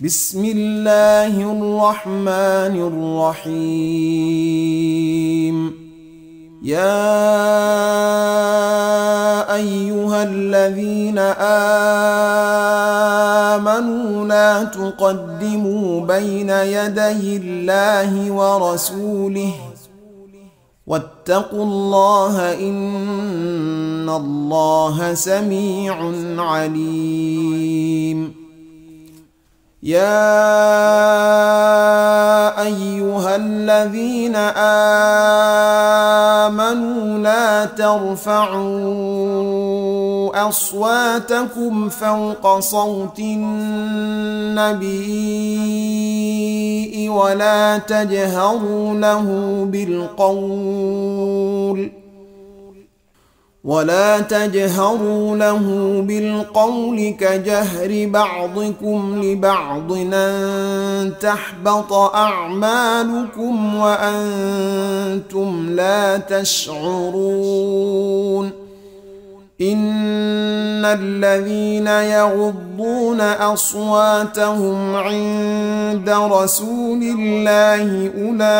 بسم الله الرحمن الرحيم يا أيها الذين آمنوا لا تقدموا بين يدي الله ورسوله واتقوا الله إن الله سميع عليم يا ايها الذين امنوا لا ترفعوا اصواتكم فوق صوت النبي ولا تجهروا له بالقول ولا تجهروا له بالقول كجهر بعضكم لبعض أن تحبط أعمالكم وأنتم لا تشعرون ان الذين يغضون اصواتهم عند رسول الله اولئك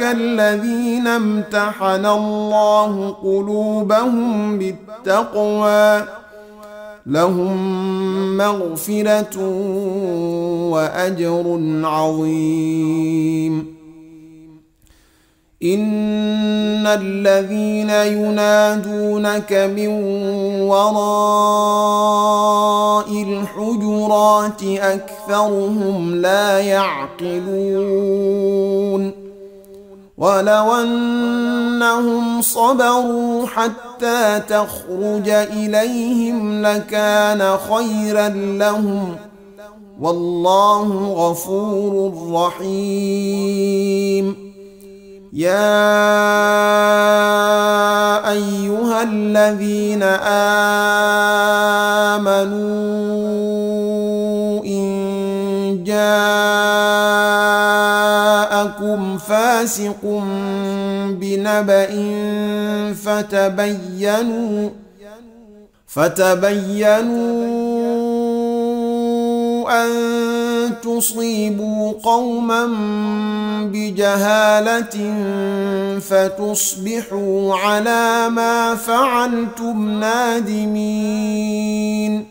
الذين امتحن الله قلوبهم للتقوى لهم مغفره واجر عظيم إن الذين ينادونك من وراء الحجرات أكثرهم لا يعقلون ولو أنهم صبروا حتى تخرج إليهم لكان خيرا لهم والله غفور رحيم يا أيها الذين آمنوا إن جاءكم فاسق بنبأ فتبينوا فتبينوا أن تصيبوا قوما بجهالة فتصبحوا على ما فعلتم نادمين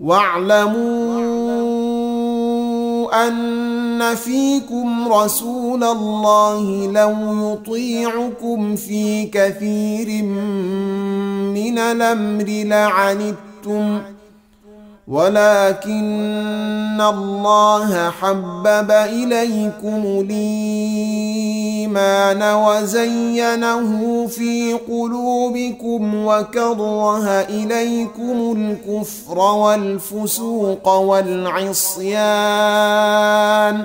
واعلموا أن فيكم رسول الله لو يطيعكم في كثير من الأمر لعنتم ولكن الله حبب اليكم الايمان وزينه في قلوبكم وكره اليكم الكفر والفسوق والعصيان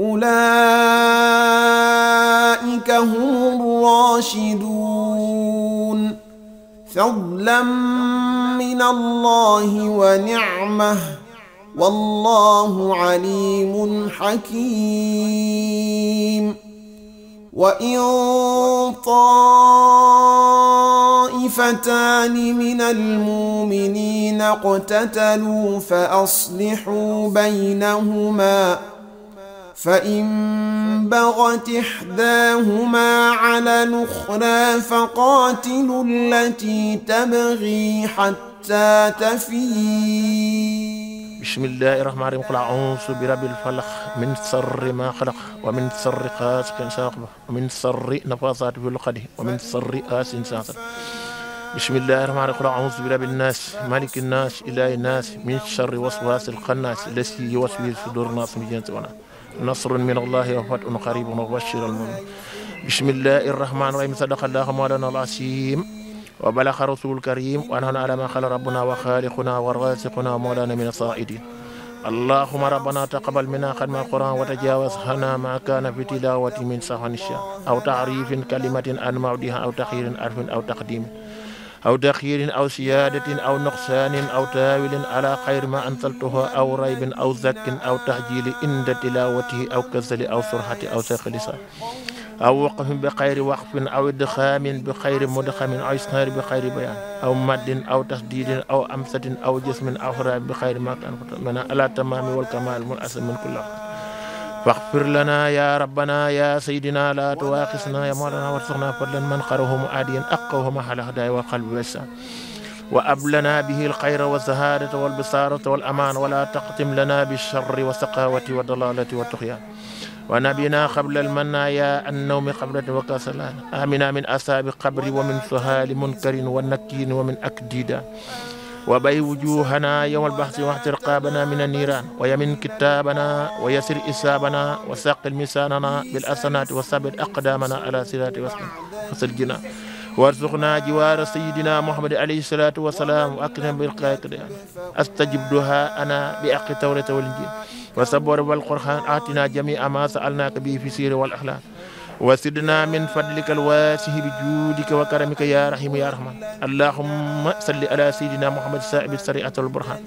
اولئك هم الراشدون فضلا من الله ونعمه والله عليم حكيم وان طائفتان من المؤمنين اقتتلوا فاصلحوا بينهما فإن بغت إحداهما على الأخرى فقاتلوا التي تبغي حتى تفيء بسم الله الرحمن الرحيم قل أعوذ برب الفلق من شر ما خلق ومن شر غاسق إذا وقب ومن شر نفاثات في العقد ومن شر حاسد إذا حسد بسم الله الرحمن الرحيم قل أعوذ برب الناس مالك الناس إله الناس من شر وسواس الخناس الذي يوسوس في صدور الناس من جنة والناس nasrun min allahi wa fatun qaribun wa bashir al mumin bismillahi rahmani rahim sadaqallahu mawlana al asim wa balaxa rasul karim wa nahnu ala ma xala rabbuna wa xaaliquna wa rasiquna mawlana min asaidin اللهم ربنا تقبل منا ختم القرآن وتجاوز عنا ما كان في تلاوة من سهو أو تعريف كلمة أن مودها أو تخير عرف أو تقديم aw taxyirin aw siyaadatin aw noqsaanin aw taawilin ala xayri ma ansaltuhu aw raybin aw zakkin aw taxjili inda tilawatihi aw kasali aw surhati aw saqlisa aw waqfin bi xayri waqfin aw idxaamin bi xayri mudxamin aw isnaari bi xayri bayaan aw maddin aw tasdiidin aw amsatin aw jasmin aw xaraam bi xayri ma kaan واغفر لنا يا ربنا يا سيدنا لا تواخذنا يا مولانا وارزقنا فضلا من قره مؤاديا أقوه محل هدايا والقلب والسان وأب لنا به الخير والسهادة والبصارة والأمان ولا تقتم لنا بالشر والسقاوة والضلالة والطغيان ونبينا قبل المنايا النوم قبل وكسلان آمنا من أصاب قبر ومن سهال منكر ونكين ومن أكديدا وبي وجوهنا يوم البحث واحتر رقابنا من النيران ويمن كتابنا ويسر إسابنا وساقل ميساننا بالأسنات وثبت أقدامنا على صراط وسجنا وارزقنا جوار سيدنا محمد عليه الصلاة والسلام وأكرم بالقائد أستجب دعاء أنا بأق التوراة والإنجيل وصبر والقرآن آتنا جميع ما سألناك به في سير والأخلاق wasidna min fadlika alwaasihi bi juudika wa karamika ya rahimu ya rahman allahumma salli ala sayidina muhammad saabi sariati walburhan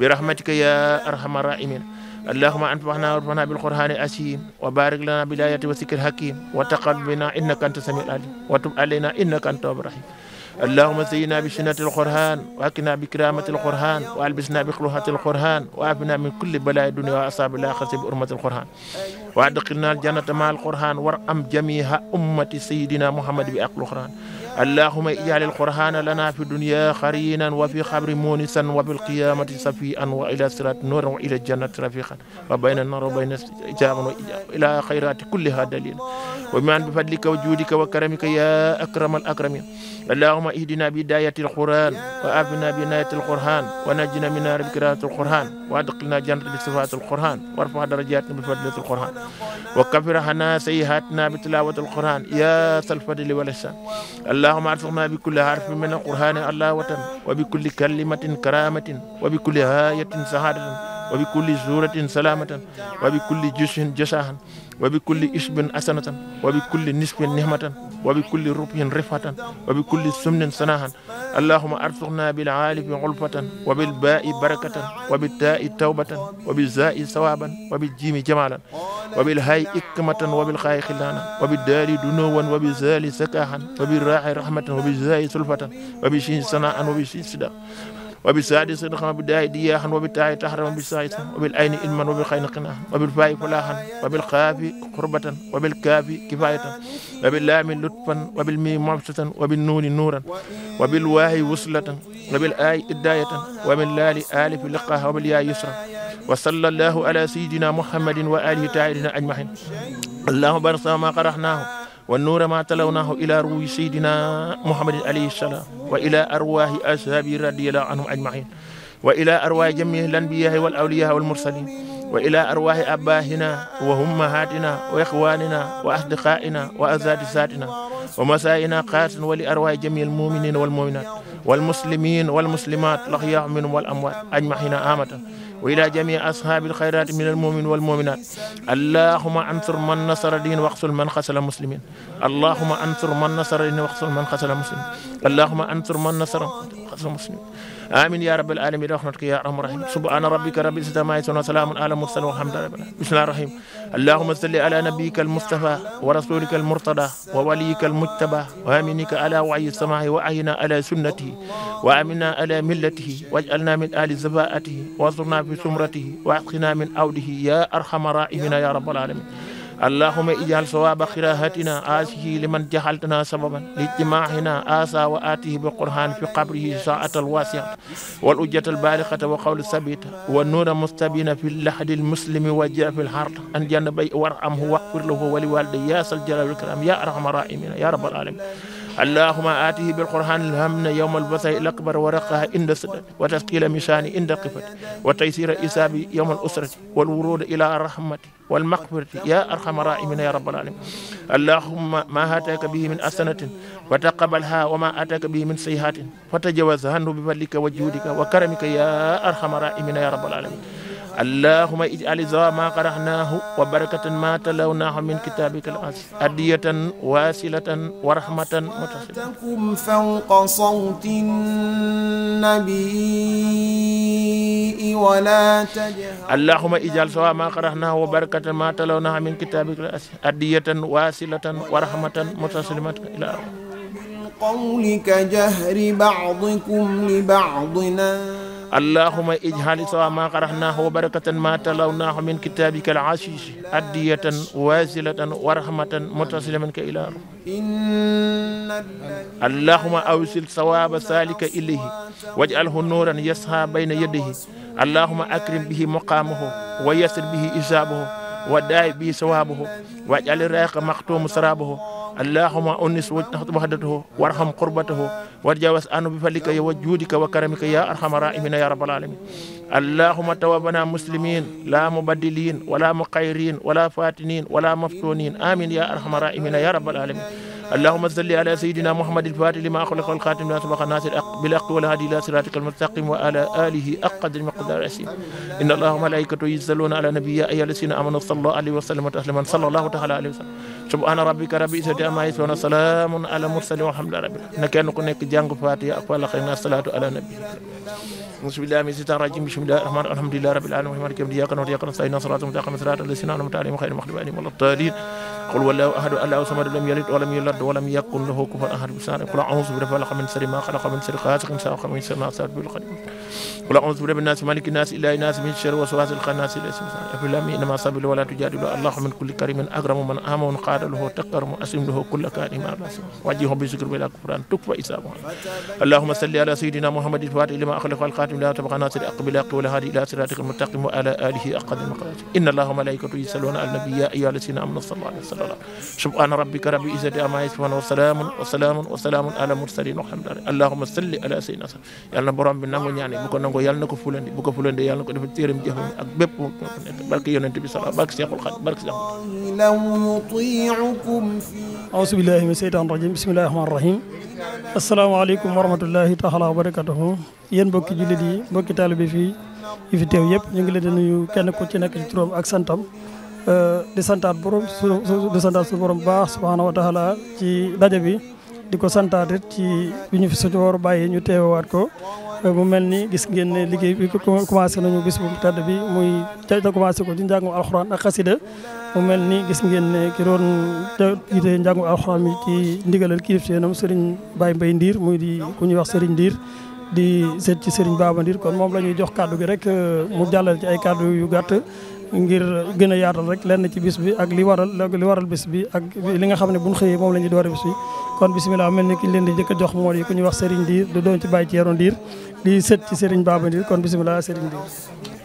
bi rahmatika ya arhamar rahimin allahumma anfa'na warfa'na bil qur'ani asim wa barik lana bil ayati wa zikri hakim wa taqabbal bina innaka anta samiul alim wa tub alaina innaka anta tawwabur rahim اللهم زينا بشنة القرآن وأكنا بكرامة القرآن وألبسنا بخلوة القرآن وعافنا من كل بلاء الدنيا وأصحاب الآخرة بأرمة القرآن وأدخلنا الجنة مع القرآن وارحم جميع أمة سيدنا محمد بأقل القرآن allahuma ijaalil qur'aana lana fi dunya xarinan wa fi xabri monisan wa fil qiyamati safian wa ila sirati nuuran wa ila jannati rafiqan wa bayna nar wa bayna jaaman wa ila xayrati kulliha dalil wa man bi fadlika wa juudika wa karamika ya akramal akramin allahuma ihdina bi hidayatil qur'an wa afina bi inayatil qur'an wa najina min naari bi kiraatil qur'an wa adxilna jannata bi sifatil qur'an warfa darajatina bi fadlatil qur'an wa kafir hana sayyihatina bi tilawatil qur'an ya sal fadli wal ihsan allahuma arzuqna bi kulli harfin min alqur'ani alawatan wa bi kulli kalimatin karamatan wa bi kulli ayatin sahadatan wa bi kulli suratin salamatan wa bi kulli jushin jasahan wa bi kulli isbin asanatan wa bi kulli nisbin nihmatan wa bi kulli rubhin rifatan wa bi kulli sumnin sanahan allahuma arsuqna bil alifi ulfatan wa bil baai barakatan wa bi taai tawbatan wa bi zai sawaban wa bi jimi jamalan wa bil hay ikmatan wa bil xaayi xillaana wa bi daali dunowan wa bi zali sakahan wa bi raaxi rahmatan wa bi zai sulfatan wa bi shi sanaan wa bi shi sida wabil saadi sadxan wabi daayi di yaaxan wabi taayi taxran wabi saaysan wabil ayni ilman wabil xayni qinaaxan wabil faayi falaaxan wabil xaafi xurbatan wabil kaafi kifaayatan wabil laami lutfan wabil miimi mabsatan wabil nuuni nuuran wabil waayi wuslatan wabil aayi iddaayatan wabil laali aalifi liqaa wabil yaayi yusran wa sallallahu ala sayyidina muhammadin wa alihi taahirina ajmahin allahumma barik sama ma qaraxnaahu wa nuura ma talawnaahu ila ruuhi sayyidina muhammadin alayhi salaam wa ila arwaahi ashaabi radiyallahu anhum ajmain wa ila arwaahi jamiihi l anbiyaai wal awliyaa wal mursalin wa ila arwaahi abaahina wa ummahatina wa ixwaanina wa asdiqaa'ina wa azatisaatina wa masaa'ina xaalisan wa li arwaahi jamii al muminina wal muminaat wal muslimin wal muslimaat laxyaahu minhum wal amwaat ajmaxina amata wa ila jamii ashaabi al xayraati min al mumin wal muminaat allahuma ansur man nasara diin waxsul man xasala muslimin allahuma ansur man nasara diin waxsul man xasala muslimin allahuma ansur man nasara قتل مسلم آمين يا رب العالمين برحمتك يا أرحم الراحمين سبحان ربك رب العزة عما يصفون وسلام على المرسلين والحمد لله بسم الله الرحمن الرحيم اللهم صل على نبيك المصطفى ورسولك المرتضى ووليك المجتبى وآمنك على وعي السماء وأعينا على سنته وآمنا على ملته واجعلنا من آل زباءته وانصرنا في سمرته واسقنا من عوده يا أرحم راحمنا يا رب العالمين اللهم اجعل صواب قراءتنا آسه لمن جعلتنا سببا لاجتماعنا آسى وآته بالقرآن في قبره ساعة الواسعة والأجة البالغة وقول الثبيت والنور مستبين في اللحد المسلم وجع في الحرب أن جنبي وارحمه واغفر له ولوالديه يا ذا الجلال والإكرام يا أرحم الراحمين يا رب العالمين allahuma atihi bilqur'an ilhamna yowma albasari lakbar wa raqaha inda sida wa taskila misani inda qifati wa taysira isabi yowma alusrati walwuruda ila rahmati walmaqfirati ya arhama rahimina ya rabbal alamin allahuma ma ataka bihi min asanatin wa taqabalha wa ma ataka bihi min sayhatin fa tajawaz anhu bi fadlika wa juudika wa karamika ya arhama rahimina ya rabbal alamin allahuma ij'al zawa ma qara'nahu wa barakatan ma talawnaahu min kitabika al-aziz adiyatan wasilatan wa rahmatan mutasitakum fawqa sawti nabii wa la tajhar allahuma ij'al zawa ma qara'nahu wa barakatan ma talawnaahu min kitabika al-aziz adiyatan wasilatan wa rahmatan mutasilatan ila qawli ka jahri ba'dikum li ba'din اللهم اجعل سواء ما قرأناه وبركة ما تلوناه من كتابك العزيز أدية واسلة ورحمة متصلة منك إلى رحمة اللهم أوصل ثواب ذلك إليه واجعله نورا يسعى بين يديه اللهم أكرم به مقامه ويسر به إجابه وداعي به ثوابه واجعل الرياق مختوم سرابه allahuma unis wahdatahu warham qurbatahu warjawas anu bi falika wa juudika wa karamika ya arhama rahimina ya rabbal alamin allahuma tawabana muslimin la mubaddilin wala muqayrin wala fatinin wala maftunin amin ya arhama rahimina ya rabbal alamin اللهم صل على سيدنا محمد الفاتح لما أخلق والخاتم لما سبق ناصر بالحق والهادي إلى صراطك المستقيم وعلى آله أقدر مقدار العسيم إن الله وملائكته يصلون على نبي يا أيها الذين آمنوا صلوا عليه وسلموا تسليما صلى الله تعالى عليه وسلم سبحان ربك رب العزة عما يصفون سلام على المرسلين والحمد لله رب العالمين نكن ku nekk jàng Faatiha ak wala xëy na salaatu ala nabi أعوذ بالله من الشيطان الرجيم بسم الله الرحمن الرحيم الحمد لله رب العالمين الرحمن الرحيم إياك نعبد وإياك نستعين صراط المستقيم صراط الذين أنعمت عليهم غير المغضوب عليهم ولا الضالين qul wallahu ahadu allahu samadu lam yalid walam yulad walam yakun lahu kufuwan ahad qul a'uuzu bi rabbil falaq min sharri ma xalaq min sharri gaasiqin idhaa waqab min sharri naasit bil qadar qul a'uuzu bi rabbin naas malikin naas ilaahin naas min sharri waswaasil khannaas alif laam miim innamaa sabiilu wa laa tujaadilu allahu min kulli karimin akramu man aamana wa qaada lahu takarramu aslim lahu kulla kaarimin wajjihu bi zikri bila kufran tukfa isaabu allahumma salli ala sayyidina muhammadin faatihi limaa ughliqa wal khaatimi limaa sabaqa naasiri al haqqi bil haqqi wal haadi ilaa siraatikal mustaqiim wa ala aalihi haqqa qadrihi inna allaha wa malaa'ikatahu yusalluuna alan nabi yaa ayyuhal laziina aamanu sallu alayhi wa sallam taala subhaana rabbika rabbil izzati ammaa yasifuun wa salaamun wa salaamun wa salaamun alal mursaliin walhamdulillaah allahumma salli ala sayyidina yàlla na borom bi nangu ñaani bu ko nangoo yàlla na ko fulandi bu ko fulandi yàlla na ko defal téeram jëfam ak bépp barke yonent bi sala barke Seexul Xadiim barke Seexul law yutiicukum fi auzu billaahi mina sheytaani rajiim bismillaahi rahmaani rahiim asalaamaaleykum wa rahmatullaahi taala wa barakaatuhu yéen mbokki jullit yi mbokki taalibe fii yi fi teew yëpp ñu ngi leen di nuyu kenn ku ci nekk ci turam ak santam Euh, di santaat borom su di santaat su borom baax subhaanahu wa taala ci daje bi di ko santaat it ci bi ñu fi suñu war bàyyi ñu teewaat ko euh, mu mel ni gis ngeen ne liggéey bi commencé nañu gis bu tedd bi muy ca commencé ko ci njàngum alxuraan ak xasida mu mel ni gis ngeen ne ki doon jiite njàngum alxuraan mi ci ndigalal kilif seenam Serigne Baye Mbaye Ndiir muy di ku ñuy wax Serigne Ndiir di seet ci Serigne Baba Ndiir kon moom la ñuy jox kàddu gi rek euh, mu jàllal ci ay kàddu yu gàtt ngir gën a yaatal rek lenn ci bis bi ak li waral li waral bis bi ak li nga xam ne buñ xëyee moom la ñuy doore bis bi kon bisimilah mel ni ki leen di njëkk a jox moo di ku ñuy wax Serigne Ndiir du doon ci bàyyi ci yaroon Ndiir di sët ci Serigne Baba Ndiir kon bisimilah Serigne Ndiir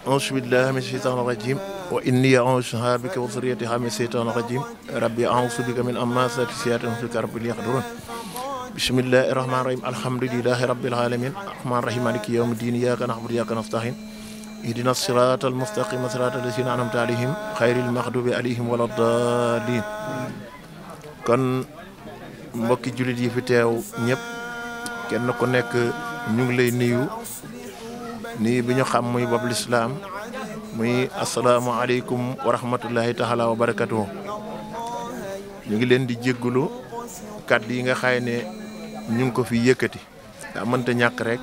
auzu billahi min sheytaan rajim wa inni a'uuzuha bika wa zurriyataha min sheytaan rajim rabbi a'uuzu bika min amaasati seyaatin fika rabbi yahdurun bismillahi rahmaani rahim alhamdulilahi rabbil alamin arrahmaani rahim maliki yawmi diin iyyaka na'budu wa iyyaka nasta'iin ihdina sirata almustaqima sirata alladina anamta alayhim xayril maxdubi alayhim wala dalin kon mbokki jullit yi fi teew ñëpp kenn ku nekk ñu ngi lay nuyu nuyu bi ñu xam muy bob lislaam muy asalaamualeykum wa rahmatullahi taala wa barakatuhu ngi leen di jéggulu kàddu yi nga xay ngi ko fi yëkkati daa mënta ñàkk rek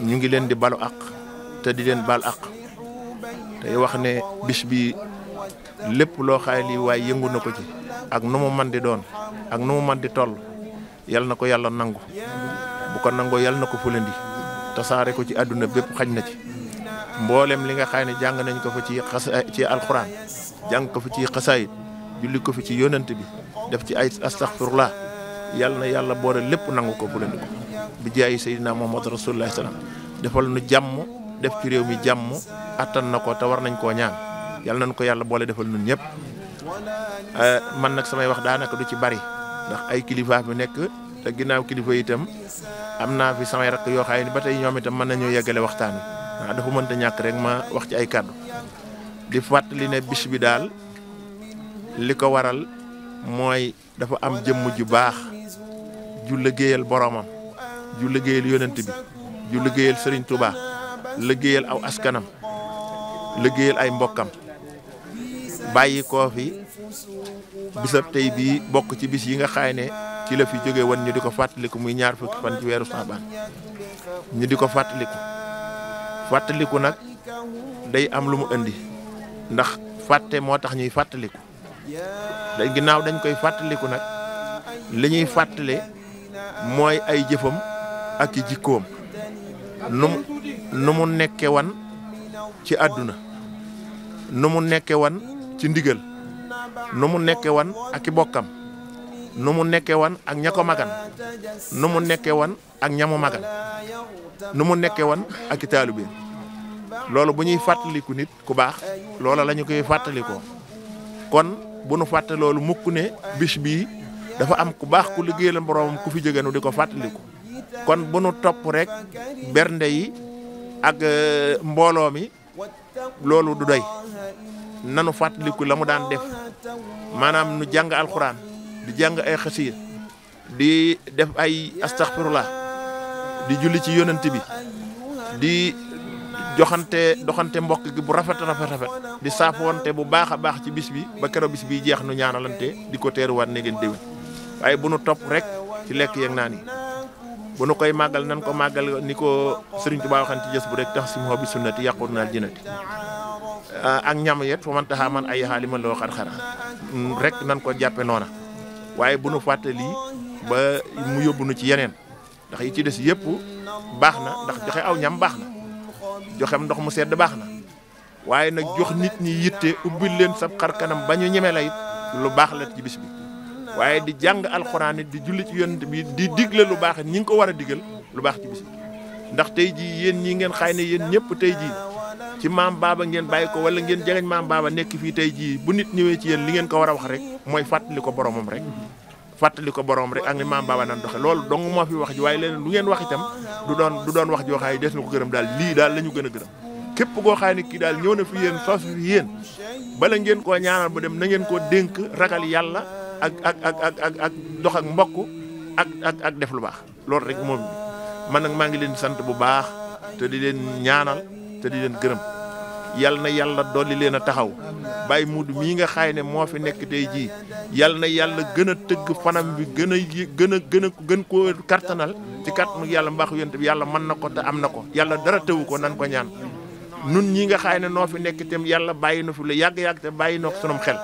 ñu ngi leen di balu àq te di leen bal àq tey wax ne bis bi lépp loo xaay lii waaye yëngu na ko ci ak nu mu man di doon ak nu mu man di toll yal na ko yàlla nangu bu ko nangoo yal na ko fulandi tasaare ko ci àdduna bépp xaj na ci mboolem li nga xaay ne jàng nañ ko fa ci xas ci alxuraan jàng ko fi ci xasaayit julli ko fi ci yonent bi def ci ay astaxfirullah yal na yàlla boole lépp nangu ko fulandi ko bi jaayi Seydina Muhammad rasulullah salaam defal nu jàmm def ci réew mi jàmm àttan na ko te war nañ koo ñaan yàlla nañ ko yàlla boole defal nun ñëpp eh, man nag samay wax daanaka du ci bari ndax ay kilifa bi nekk te ginnaaw kilifa itam am naa fi samay rakk yoo xaay ni ba tey ñoom itam mën nañoo yeggale waxtaan wi dafa mënta ñàkk rek ma wax ci ay kàddu di fàttali ne bis bi daal li ko waral mooy dafa am jëmm ju baax ju liggéeyal boroomam ju liggéeyal yonent bi ju liggéeyal sëriñ Touba liggéeyal aw askanam liggéeyal ay mbokkam bàyyi koo fi bisab tey bii bokk ci bis yi nga xaay ne ci la fi jóge woon ñu di ko fàttaliku muy ñaar fukki fan ci weeru Saabaan ñu di ko fàttaliku fàttaliku nag day am lu mu indi ndax fàtte moo tax ñuy fàttaliku da ginnaaw dañ koy fàttaliku nag li ñuy fàttale mooy ay jëfam ak i jikkoom nu nu mu nekke wan ci àdduna nu mu nekke wan ci ndigal nu mu nekke wan ak i bokkam nu mu nekke wan ak ña magan nu mu nekke wan ak ñamu magan nu mu nekke wan ak i taalibe loolu bu ñuy fàttaliku nit ku baax loola la ñu koy fàttalikoo kon bu nu fàtte loolu mukk ne bis bii dafa am ku baax ku liggéeyal boroomam ku fi jege nu di ko fàttaliku kon bu nu topp rek bernde yi ak euh, mbooloo mi loolu du doy nanu fàttaliku la mu daan def maanaam nu jàng alxuraan di jàng ay xasiir di def ay astaxfirullah di julli ci yonent bi di joxante doxante mbokk gi bu rafet rafet rafet di saafoonte bu baax a baax ci bis bi ba keroog bis jeex nu ñaanalante di ko teeruwaat ne ngeen waaye bu nu topp rek ci lekk yeeg naan yi bu nu koy màggal nan ko màggal ni ko Sëriñ Tuubaa waxan ci jës bu rek tax si moo bi sunnati yàqur naal jinati ah, ak ñam yet foo man taxaa man ay xaali man loo xar-xara rek nan ko jàppe noona waaye bu nu fàtte lii ba mu yóbbu nu ci yeneen ndax yi ci des yëpp baax na ndax joxe aw ñam baax na joxe ndox mu sedd baax na waaye nag jox nit ñi yitte ubbil leen sab xar kanam ba ñu ñeme la lu baax la ci bis bi waaye di jàng alxuraan di julli ci yonent bi di digle lu baax ñi ngi ko war a digal lu baax ci bis ndax tey jii yéen ñii ngeen xay ne yéen ñëpp tey jii ci maam baaba ngeen bàyyi ko wala ngeen jegeñ maam baaba nekk fii tey jii bu nit ñëwee ci yéen li ngeen ko war a wax rek mooy fàttali ko boromam rek. ko borom rek ak ni maam baaba nan doxe loolu dong moo fi wax ji waaye leneen lu ngeen wax itam du doon du doon wax joo xaay des na ko gërëm daal lii daal la ñu gën a gërëm képp koo xaay ne kii daal ñëw na fi yéen sos fi yéen bala ngeen koo ñaanal bu dem na ngeen koo dénk ragal yàlla ak ak ak ak ak dox ak mbokk ak ak ak def lu baax loolu rek moom man nag maa ngi leen sant bu baax te di leen ñaanal te di leen gërëm yal na yàlla dolli leen a taxaw bàyyi muud mii nga xaay ne moo fi nekk tey jii yal na yàlla gën a tëgg fanam bi gën a gën a gën a gën koo kartanal ci kàttanu yàlla mbaaxu yonent bi yàlla mën na ko te am na ko yàlla dara tëwu ko nan ko ñaan nun ñi nga xaay ne noo fi nekk itam yàlla bàyyi na fu la yàgg-yàgg te bàyyi na ko sunum xel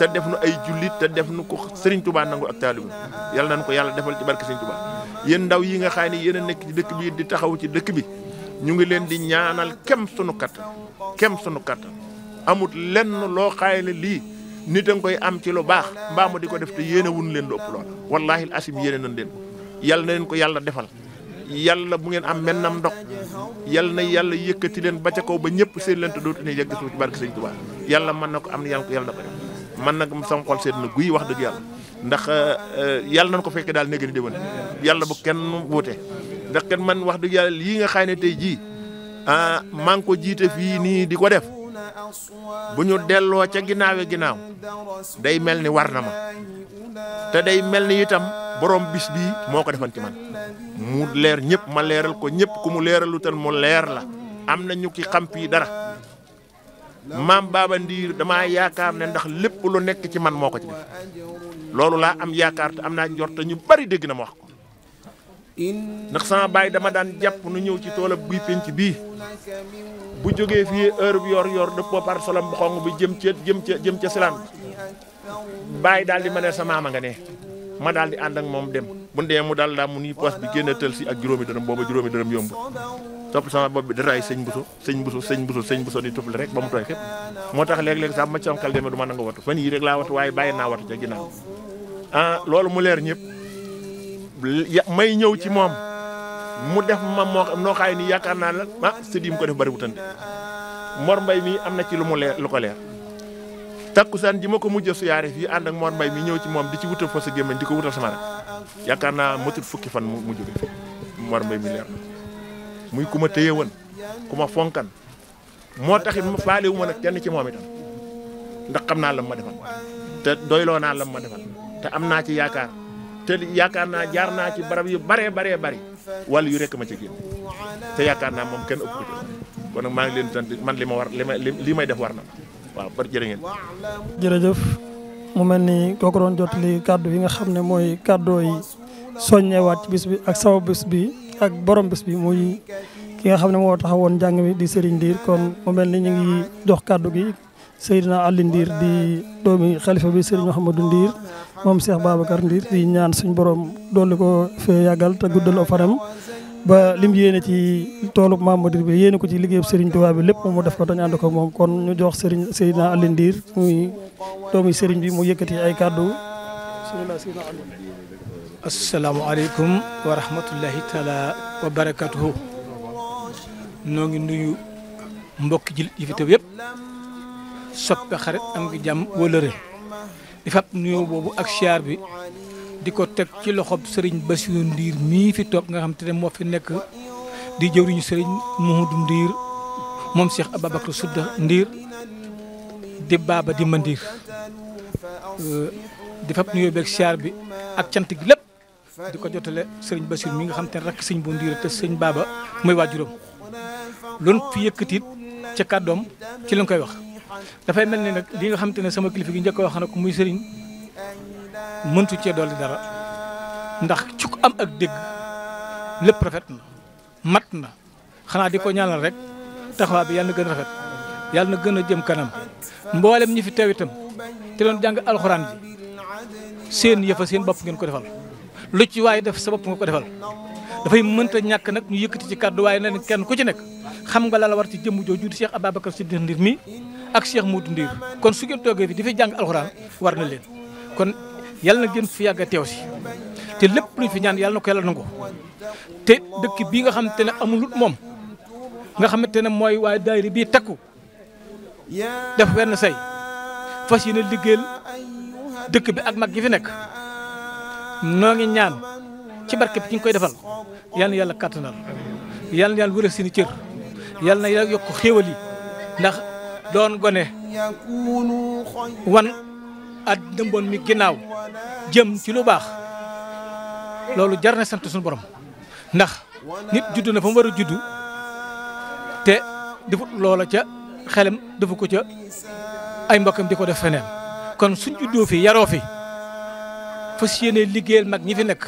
te def nu ay jullit te def nu ko Serigne Touba nangu ak taalibu yàlla nañu ko yàlla defal ci barke Serigne Touba yéen ndaw yi nga xam ne yéen nekk ci dëkk bii di taxaw ci dëkk bi ñu ngi leen di ñaanal kem sunu kattan kem sunu kattan amut lenn loo xaay lii nit a koy am ci lu baax mbaamu di ko def te yéene wun leen lu ëpp loola wallaahi asim yéene nañ leen ko yàlla na leen ko yàlla defal yàlla bu ngeen am mennam ndox yàlla na yàlla yëkkati leen ba ca kaw ba ñëpp seen leen te dootu ne yegg suuf ci yàlla mën na ko am na ko yàlla ko man nag sama xol seet na guy wax dëgg yàlla ndax euh, euh, yàlla nañ ko fekkee daal néeg yi déwén yàlla bu kenn wuute ndax kenn man wax dëgg yàlla yii nga xay ne tey jii ah maa ngi ko jiite fii nii di ko def bu ñu delloo ca ginnaawe ginnaaw day mel ni war na ma te day mel ni itam borom bis bii moo ko defan ci man mu leer ñëpp ma leeral ko ñëpp ku mu leeralu tan mu leer la am na ñu ki xam fii dara. maam baaba ndiir damaa yaakaar ne ndax lépp lu nekk ci man moo ko ci loolu laa am yaakaar te am naa jot te bari dégg na ma ndax sama baay dama daan jàpp nu ñëw ci toolam bii penc bii bu jógee fii heure bi yor yor dëppoo par solom bu xong bi jëm ca jëm ca jëm ca silaan baay daal di ma ne sa maama ma daal di ànd ak moom dem bu ndee mu daal daa mu nii poos bi génn tël si ak juróomi dërëm booba juróomi dërëm yomb topp sama bopp bi daraay sëñ buso sëñ buso sëñ buso sëñ buso di tufle rek ba mu tooy xëpp moo tax léeg-léeg sax ma ci sama xel demee du ma nanga watu fan yii rek laa watu waaye bàyyi naa watu ca ginnaaw ah loolu mu leer ñëpp may ñëw ci moom mu def ma moo noo xaay ni yaakaar naa la ah sëddi mu ko def bari wutante Mor mi am na ci lu mu leer lu ko leer takkusaan ji ma ko mujjee su yaare fii ànd ak Mor ñëw ci moom di ci wutal fa sa gémmañ di yaakaar naa matul fukki fan mu jóge Mor Mbaye mi leer na muy ku ma téye woon ma fonkan moo taxit ma faale wu ma nag kenn ci moom ndax xam naa la lam ma defal te doyloo naa la mu ma defal te am naa ci yaakaar te yaakaar naa jaar naa ci barab yu baree baree bari wala yu rekk ma ci génn te yaakaar naa moom kenn ëpp ko kon maa ngi leen di man li ma war li may li may def war na waaw bari jërë ngeen. jërëjëf. mu mel ni kooku doon jottali kàddu yi nga xam ne mooy kàddoo yi soññewaat ci bis bi ak sababu bis bi ak borom bis bi muy ki nga xam ne moo taxawoon njàng mi di Serigne Ndiir kon mu mel ni ñu ngi jox kàddu gi Seydina Aliou Ndiir di doomi xalifa bi Serigne Mouhamadou Ndiir moom Cheikh Babacar Ndiir di ñaan suñu borom dolli ko fee yàggal te guddal o fanam ba lim yéene ci toolu Mame Modir bi yéene ko ci liggéeyub Serigne Touba bi lépp mu def ko dañu ànd ko moom kon ñu jox Serigne Seydina Alioune Ndir muy doomi Serigne bi mu yëkkati ay kàddu. asalaamaaleykum wa rahmatullahi taala wa barakatuhu noo ngi nuyu mbokki jullit yi fi teew yëpp soppe xarit am ngi jàmm di fab nuyoo boobu ak siyaar bi di ko teg ci loxob sëriñ Bassirou Ndiir mii fi toog nga xam te ne moo fi nekk di jëwriñu sëriñ Mouhoudou Ndiir moom Cheikh Ababacar Sudda Ndiir di baaba di mandiir euh, di fab nuyoo beeg siyaar bi ak cant gi lépp di ko jotale sëriñ Bassirou mi nga xam te ne rakk sëñ bu Ndiir te sëñ baaba mooy waajuram loolu fi yëkkatit ca kàddoom ci lañ koy wax dafay mel ni nag li nga xam te ne sama kilifa gi njëkk wax na ko muy sëriñ mëntu cee dolli dara ndax ci ku am ak dégg lépp rafet na mat na xanaa di ko ñaanal rek taxawaay bi yàlla na gën a rafet yàlla na gën a jëm kanam mboolem ñi fi teew itam te doon jàng alxuraan ji seen yëfa seen bopp ngeen ko defal lu ci waaye def sa bopp nga ko defal dafay mënta ñàkk nag ñu yëkkati ci kàddu waaye na kenn ku ci nekk xam nga la war ci jëmm jooju di Cheikh Ababacar Sy Ndir mi ak Cheikh Modou Ndir kon su ngeen toogee fi di fi jàng alxuraan war na leen yàlla na gën fi yàgg a teew si te lépp luñ fi ñaan yàlla na ko yàlla nangu te dëkk bii nga xamante ne amulut moom nga xamante ne mooy waaye daayira bii takku def wenn say fas ne liggéeyal dëkk bi ak mag gi fi nekk noo ngi ñaan ci barke bi ki nga koy defal yal na yàlla kàttanal yal na yàlla wëral seen i cër yal na yàlla yokk xéewal yi ndax doon gone wan at dëmboon mi ginnaaw jëm ci lu baax loolu jar na sant suñu borom ndax nit juddu na fa mu war a juddu te defut loola ca xelam defu ko ca ay mbokkam di ko def feneen kon suñ juddoo fi yaroo fi fas yéene liggéeyal mag ñi fi nekk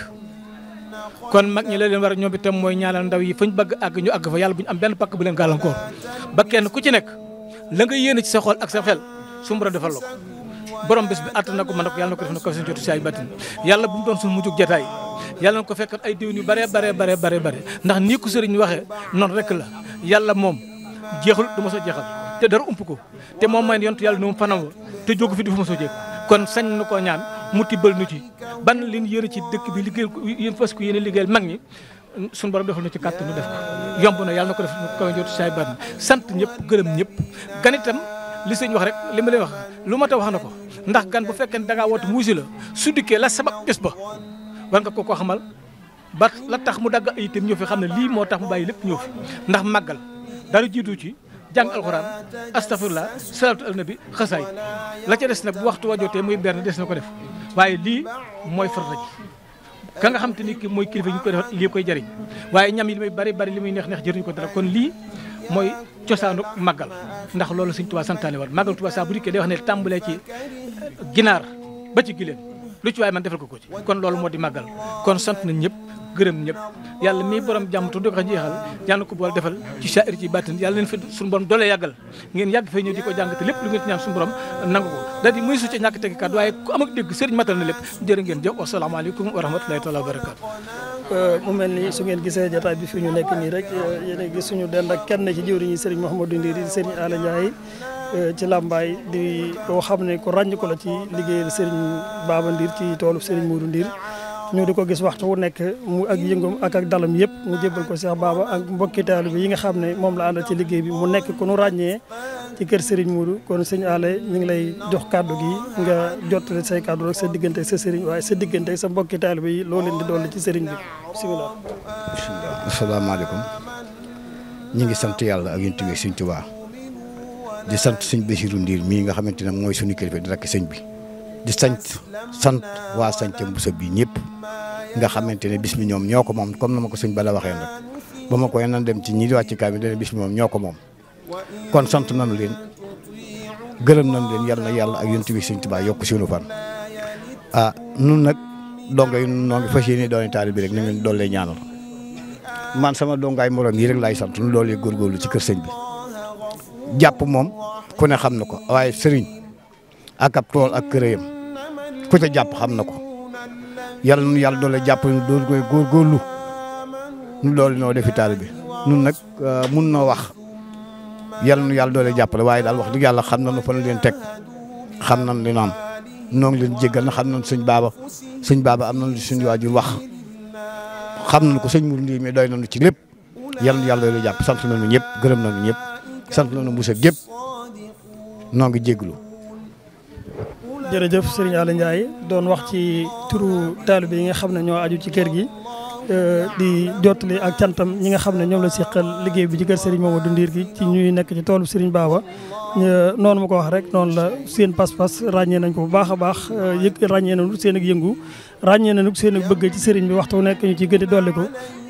kon mag ñi la leen war a ñoom itam mooy ñaalal ndaw yi fañ bëgg àgg ñu àgg fa yàlla bu ñu am benn pakk bu leen gàllankoor ba kenn ku ci nekk la nga yéene ci sa xool ak sa xel su mu defal la borom bés bi attan na ko man na ko yàlla na ko def na ko seen jotu si ay batin yàlla bu mu doon suñu mujjug jataay yàlla na ko fekkat ay déwén yu bare bare bare bare bare ndax nii ko sëriñ waxee noonu rek la yàlla moom jeexul du ma soo jeexal te dara ump ko te moom may yontu yàlla nu mu fanaw te jógu fi du fa ma soo jéeg kon sañ na koo ñaan mu tibbal nu ci ban liñ yëre ci dëkk bi liggéey ko yéen fas ko yéen liggéey mag ñi suñu borom defal na ci kàtt nu def ko na yàlla ko def ko njot saay sant ñëpp gërëm ñëpp li sëñ wax rek li ma leen wax lu ma ta wax na ko ndax gan bu fekkee ne da ngaa woote muusi la su dikkee la sabab bés ba war nga ko ko xamal ba la tax mu dagg ay itam ñëw fi xam ne lii moo tax mu bàyyi lépp ñëw fi ndax màggal dara jiitu ci jàng alxuraan astafurlah salaatu al nabi xasaay la ca des nag bu waxtu wajotee muy benn des na ko def waaye lii mooy farata ji ka nga xam te ni mooy kilifa ñu ko def lii koy jëriñ waaye ñam yi li muy bari bari li muy neex neex jëriñu ko dara kon lii mooy cosaanu màggal ndax loolu suñ Tuubaa santaane woon màggal Tuubaa saa bu dikkee day wax ne tàmbalee ci ginaar ba ci gileem lu ci waaye man defal ko ko ci kon loolu moo di màggal kon sant na ñëpp gërëm ñëpp yàlla mii borom jàmm tudd ko jeexal yàlla ko boole defal ci saahir ci baatin yàlla leen fi suñu borom doole ngeen yàgg fay di ko jàng lépp lu ngeen ci ñaan suñu borom nangu ko daal muy su ci ñàkk teg kàddu waaye ku am ak sëriñ matal na lépp jër ngeen jëf wasalaamaaleykum wa rahmatulahi taala wa barakatu Euh, mu mel ni su ngeen gisee jotaay bi fii ñu nekk nii rek euh, yéen gis suñu dend ak kenn ci jëwriñu sëriñ Mouhamadou Ndiri sëriñ Alla Ndiaye euh, ci Lambaye di koo xam ne ku ràññ ko la ci liggéey sëriñ Baba Ndir ci toolu sëriñ Mourou Ndir ñu di ko gis waxtu wu nekk mu ak yëngum ak ak dalam yëpp mu jébbal ko Cheikh baaba ak mbokki bi yi nga xam ne moom la àndal ci liggéey bi mu nekk ku nu ràññee ci kër Serigne Modou kon sëñ Allé ñu ngi lay jox kàddu gi nga jottali say kàddu rek sa diggante sa Serigne waaye sa diggante sa mbokki taalibe bi loo leen di dolli ci Serigne bi bisimilah. bisimilah asalaamaaleykum ñu ngi sant yàlla ak yéen tamit sëñ Tuubaa di sant sëñ Bassirou Ndir mii nga xamante ne mooy suñu kilifa di rekk sëñ bi. di sant sant waa Santhiou Mbuso bi ñëpp nga xamante ne bis mi ñoom ñoo ko moom comme na ma ko sëñ Bala waxee nag ba ma koy nan dem ci ñi di wàcc kaay bi dana bis mi ñoo ko moom kon sant nanu leen gërëm nañu leen yar na yàlla ak yonent bi sëñ Tuubaa yokk suñu fan ah nun nag donga yi noo ngi fas yéene doon taalibe bi rek na ngeen doolee ñaanal man sama dongaay morom yi rek laay sant nu doolee góorgóorlu ci kër sëñ bi jàpp moom ku ne xam na ko waaye sëriñ ak ab tool ak kërëyam ku ca jàpp xam na ko yàlla nu yàlla doole jàpp ñu doon koy góorgóorlu nu loolu noo defi bi nun nag euh, mun noo wax yàlla nu yàlla doole jàppale waaye daal wax dëgg yàlla xam nañu fan leen teg xam nañ li ñu noo ngi leen jéggal na xam nañ sëñ baaba sëñ baaba am nañ lu suñu wax xam nañ ko sëñ Mourou Ndié mi doy ci lépp yàlla nu yàlla doole jàpp sant nañu ñëpp gërëm nañu ñëpp sant nañu Moussa gépp noo ngi jërëjëf Serigne Alla Ndiaye doon wax ci turu taalibe yi nga xam ne ñoo aju ci kër gi. Euh, di jottali ak cantam ñi nga xam ne ñoom la seqal liggéey bi ci kër Serigne Mamadou Ndir gi ci ñuy nekk ci toolu Serigne Baba euh, noonu ma ko wax rek noonu la seen pas-pas ràññee nañ ko bu baax a baax euh, yëg ràññee nañu seen ak yëngu ràññee nañu seen bëgg ci Serigne bi waxtu nekk ñu ci gën di dolli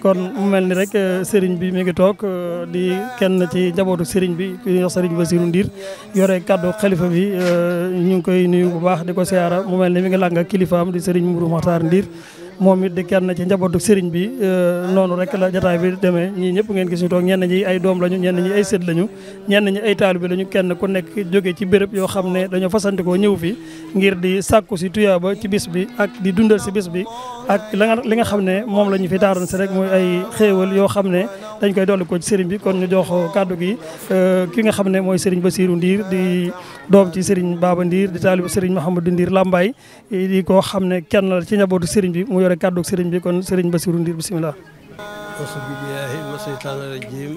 ko mu mel ni rek Serigne bi mi ngi toog di kenn ci njabootu Serigne bi ku ñuy wax Serigne Bassirou Ndir yore kaddu xalifa bi ñu ngi koy nuyu bu baax di ko siyaara mu mel ni mi ngi làng ak kilifaam di Serigne Mourou Makhtar Ndir moom it di kenn ci njabootu sëriñ bi euh, noonu rek la jataay bi demee ñii ñëpp ngeen gis ñu toog ñenn ñi ay doom lañu ñenn ñi ay sët lañu ñenn ñi ay taalibe lañu kenn ku nekk jóge ci béréb yoo xam ne dañoo fasantikoo ñëw fi ngir di sàkku si tuyaaba ci bis bi ak di dundal si bis bi ak la nga xam ne moom la ñu fi taaroon si rek muy ay yoo xam ne dañ koy dolli ko ci sëriñ bi kon ñu jox kàddu gi euh, ki nga xam ne mooy sëriñ Basiiru Ndiir di doom ci sëriñ Baaba Ndiir di taalibu sëriñ Mouhamadou Ndiir Lambaay di koo xam ne kenn la ci njabootu sëriñ bi mu yore kàddu sëriñ bi kon sëriñ basiru Ndiir bisimilah. أعوذ بالله من الشيطان الرجيم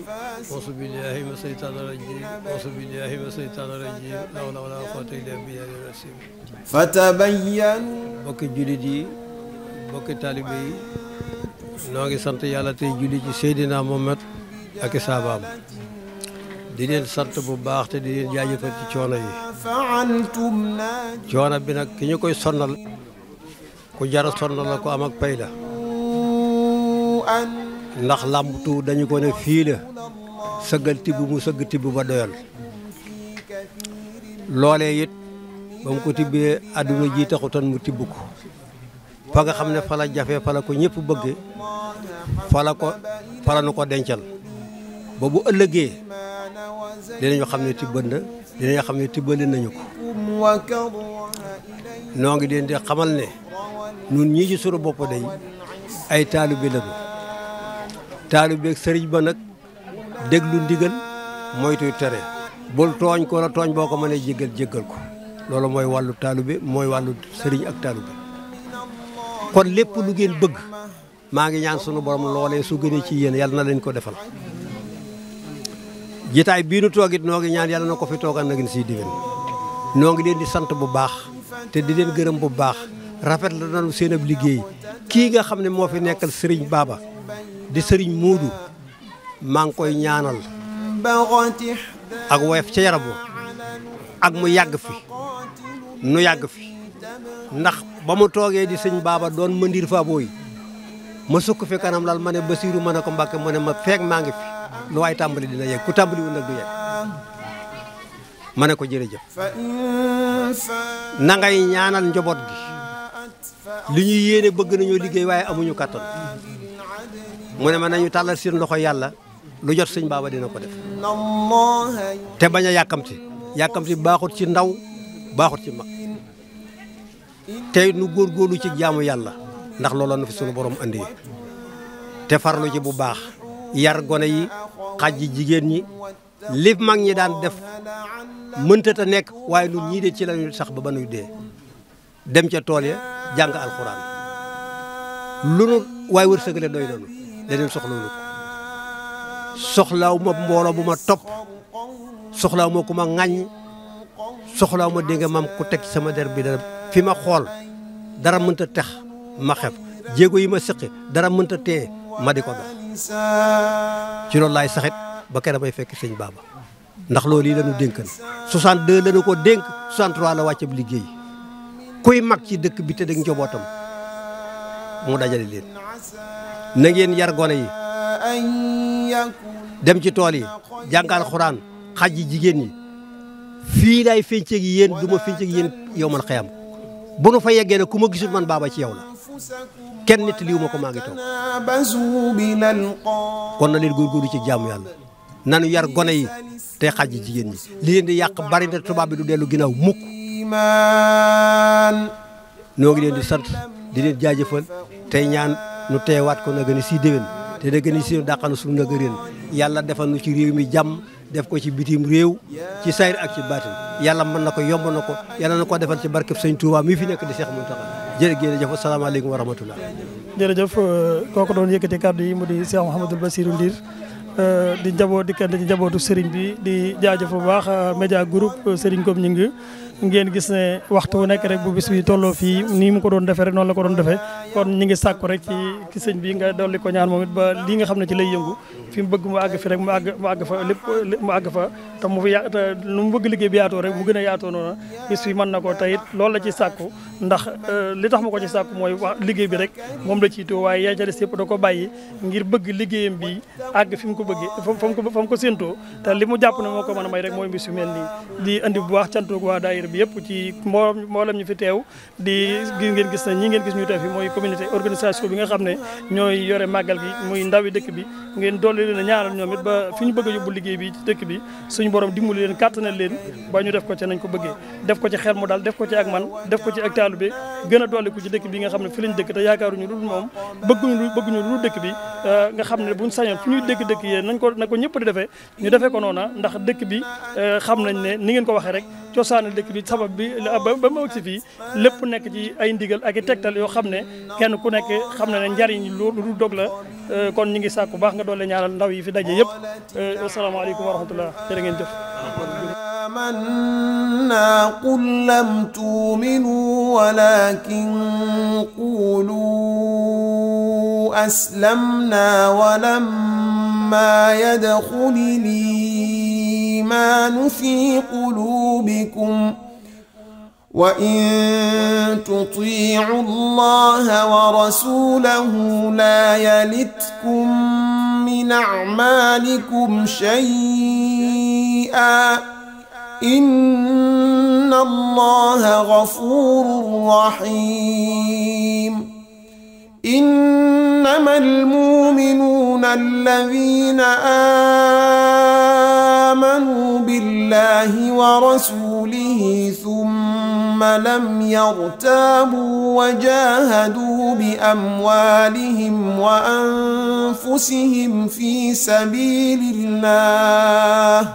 أعوذ بالله من الشيطان الرجيم أعوذ بالله من الشيطان الرجيم لا حول ولا mbokki taalibe yi noo sant yàlla te julli ci Seydina Mohamed ak i saabaam di leen sant bu baax te di leen jaajëfal ci coono yi coono bi nag ki ñu koy sonnal ku jara sonnal la ko am ak pay la ndax làmbtu dañu kon ne fii la sëggal tibb mu sëgg tibb ba doyal loolee it ba mu ko tibbee àdduna ji taxutan mu tibb ko fa nga xam ne fa jafe fa ko ñëpp bëgg fa la ko fa la ko dencal ba bu ëllëgee dinañu xam ne tibbal na dinañu xam ne tibbali nañu ko noo ngi leen di xamal ne nun ñii ci sunu bopp day ay taalibe lañu taalibe ak sëriñ ba nag déglu ndigal moytu tere bul tooñ ko la tooñ boo ko mënee jéggal jéggal ko loolu mooy wàllu taalibe mooy wàllu sëriñ ak taalibe kon lépp lu ngeen bëgg maa ngi ñaan sunu borom loolee su gënee ci yéen yàlla na leen ko defal jitaay bii nu toogit noo ngi ñaan yàlla na ko fi toogal nag ni siy diwén noo ngi leen di sant bu baax te di leen gërëm bu baax rafet la nanu seen ab liggéey kii nga xam ne moo fi nekkal sëriñ baaba di sëriñ muudu maa ngi koy ñaanal ak woyof ca yaramu ak mu yàgg fi nu yàgg fi ndax ba mu toogee di sëñ baaba doon mëndir fa booy ma sukk fi kanam lal ma ne Basiiru ma ne ko Mbàkke ma ne ma feeg maa ngi fi lu waay tàmbali dina yegg ku tàmbaliwul nag du ma ne ko jërëjëf na ngay ñaanal njaboot gi lu ñuy yéene bëgg nañoo liggéey waaye amuñu kattan mu ne ma nañu tàllal seen loxo yàlla lu jot sëñ baaba dina ko def te bañ a yàkkamti yàkkamti baaxut ci ndaw baaxut ci mag tey nu góor lu ci jaamu yàlla ndax looloo na fi sunu borom andi te farlu ci bu baax yar gone yi xaj jigéen ñi lépp mag ñi daan def mënta mëntata nekk waaye nun ñii de ci lañu sax ba ba nuy dee dem ca tool ya jàng alxuraan lu nu waaye wërsëgale doy doonu leneen soxlawlu ko soxlaaw ma mbooloo bu ma topp soxlaaw ma ku ma soxlaa ma dégg nga maam ku teg sama der bi dara fi ma xool dara mënta tex ma xef jéego yi ma sëqi dara mënta tee ma di ko dox ci loolu laay saxit ba keroog may fekk sëñ baaba ndax loolu yi lañu dénkan 62 lañu ko dénk 63 la wàccab liggéey kuy mag ci dëkk bi te dëgg njobootam mu dajale leen na ngeen yar gone yi dem ci tool yi jàngal xuraan xaj yi jigéen ñi fii daay fenceeg yéen du ma fenceeg yéen yow man xeyam bu nu fa yeggee ne ku ma gisul man baaba ci yow la kenn nit liwu ma ko maa ngi kon na leen góorgóorlu ci jaamu yàlla nanu yar gone yi te xaj yi jigéen ñi li leen di yàq bari na tubaab bi du dellu ginnaaw mukk noo ngi leen di sant di leen jaajëfal tey ñaan nu teewaat ko na gën a sii déwén te dëgg ni si dàqanu suñu nag réen yàlla defal nu ci réew mi jàmm def ko ci bitim réew ci sayr ak ci baatin yàlla mën na ko yomb na ko yàlla na defal ci barkeb sëñ Touba mi fi nekk di Cheikh Mountakha jërë ngeen jëf asalaamaaleykum wa rahmatullah jërëjëf euh, kooku doon yëkkati kàddu yi mu di Cheikh Mouhamadou Bassirou Ndir euh, di njaboot di kenn ci njabootu Serigne bi di jaajëf bu baax euh, média groupe Serigne Kom ñi ngi ngeen gis ne waxtu wu nekk rek bu bis bi tolloo fii nii mu ko doon defee rek noonu la ko doon defee kon ñi ngi sàkku rek ci ci sëñ bi nga dolli ko ñaan moom it ba lii nga xam ne ci lay yëngu fi mu bëgg mu àgg fi rek mu àgg fa lépp mu àgg fa mu fi mu bëgg liggéey bi yaatoo rek mu gën a yaatoo noonu bis bi na ko te loolu la ci sàkku ndax euh, li tax ma ko ci sàkku mooy wax liggéey bi rek moom la ciy too waaye yaa ca des yëpp da ko bàyyi ngir bëgg liggéeyam bi àgg fi mu ko bëggee fa mu ko fa ko séentoo te li mu jàpp na moo ko mën a may rek mooy bis bi mel nii di andi bu baax cantoo waa daay daayira bi yëpp ci mboolem ñu fi teew di gis ngeen gis ñu teew fi mooy communauté organisation bi nga xam ne ñooy yore màggal gi muy ndawi dëkk bi a a yóbbu a nga xam ne fi lañ dëkk dëkk bi euh, nañ ko na di defee ñu defee ko noona ndax dëkk bi euh, xam ne ni ngeen ko waxee rek cosaanu dëkk bi sabab bi ba ma wëgsi fii lépp nekk ci ay ndigal ak i tegtal yoo xam ne kenn ku nekk xam na ne njariñ lu lu dog euh, kon ñu ngi sàkku baax nga doole ñaanal ndaw yi fi daje yëpp wasalaamaaleykum euh, wa rahmatullah jërë ngeen jëf آمنا قل لم تؤمنوا ولكن قولوا أسلمنا ولما يدخل الإيمان في قلوبنا بكم وإن تطيعوا الله ورسوله لا يلتكم من أعمالكم شيئا إن الله غفور رحيم إنما المؤمنون الذين آمنوا بالله ورسوله ثم لم يرتابوا وجاهدوا بأموالهم وأنفسهم في سبيل الله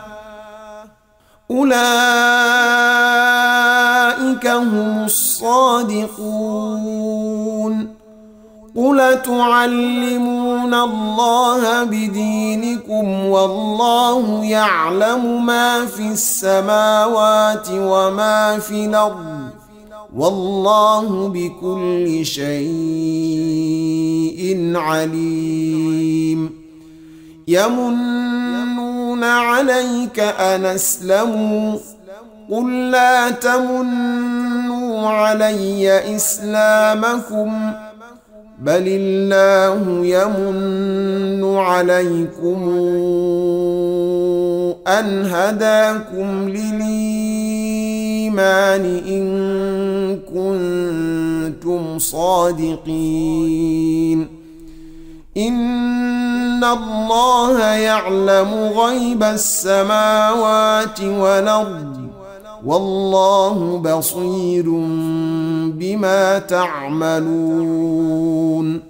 أولئك هم الصادقون قل تعلمون الله بدينكم والله يعلم ما في السماوات وما في الأرض والله بكل شيء عليم يمنون عليك أن أسلموا قل لا تمنوا علي إسلامكم بل الله يمن عليكم أن هداكم للإيمان إن كنتم صادقين إن الله يعلم غيب السماوات والأرض والله بصير بما تعملون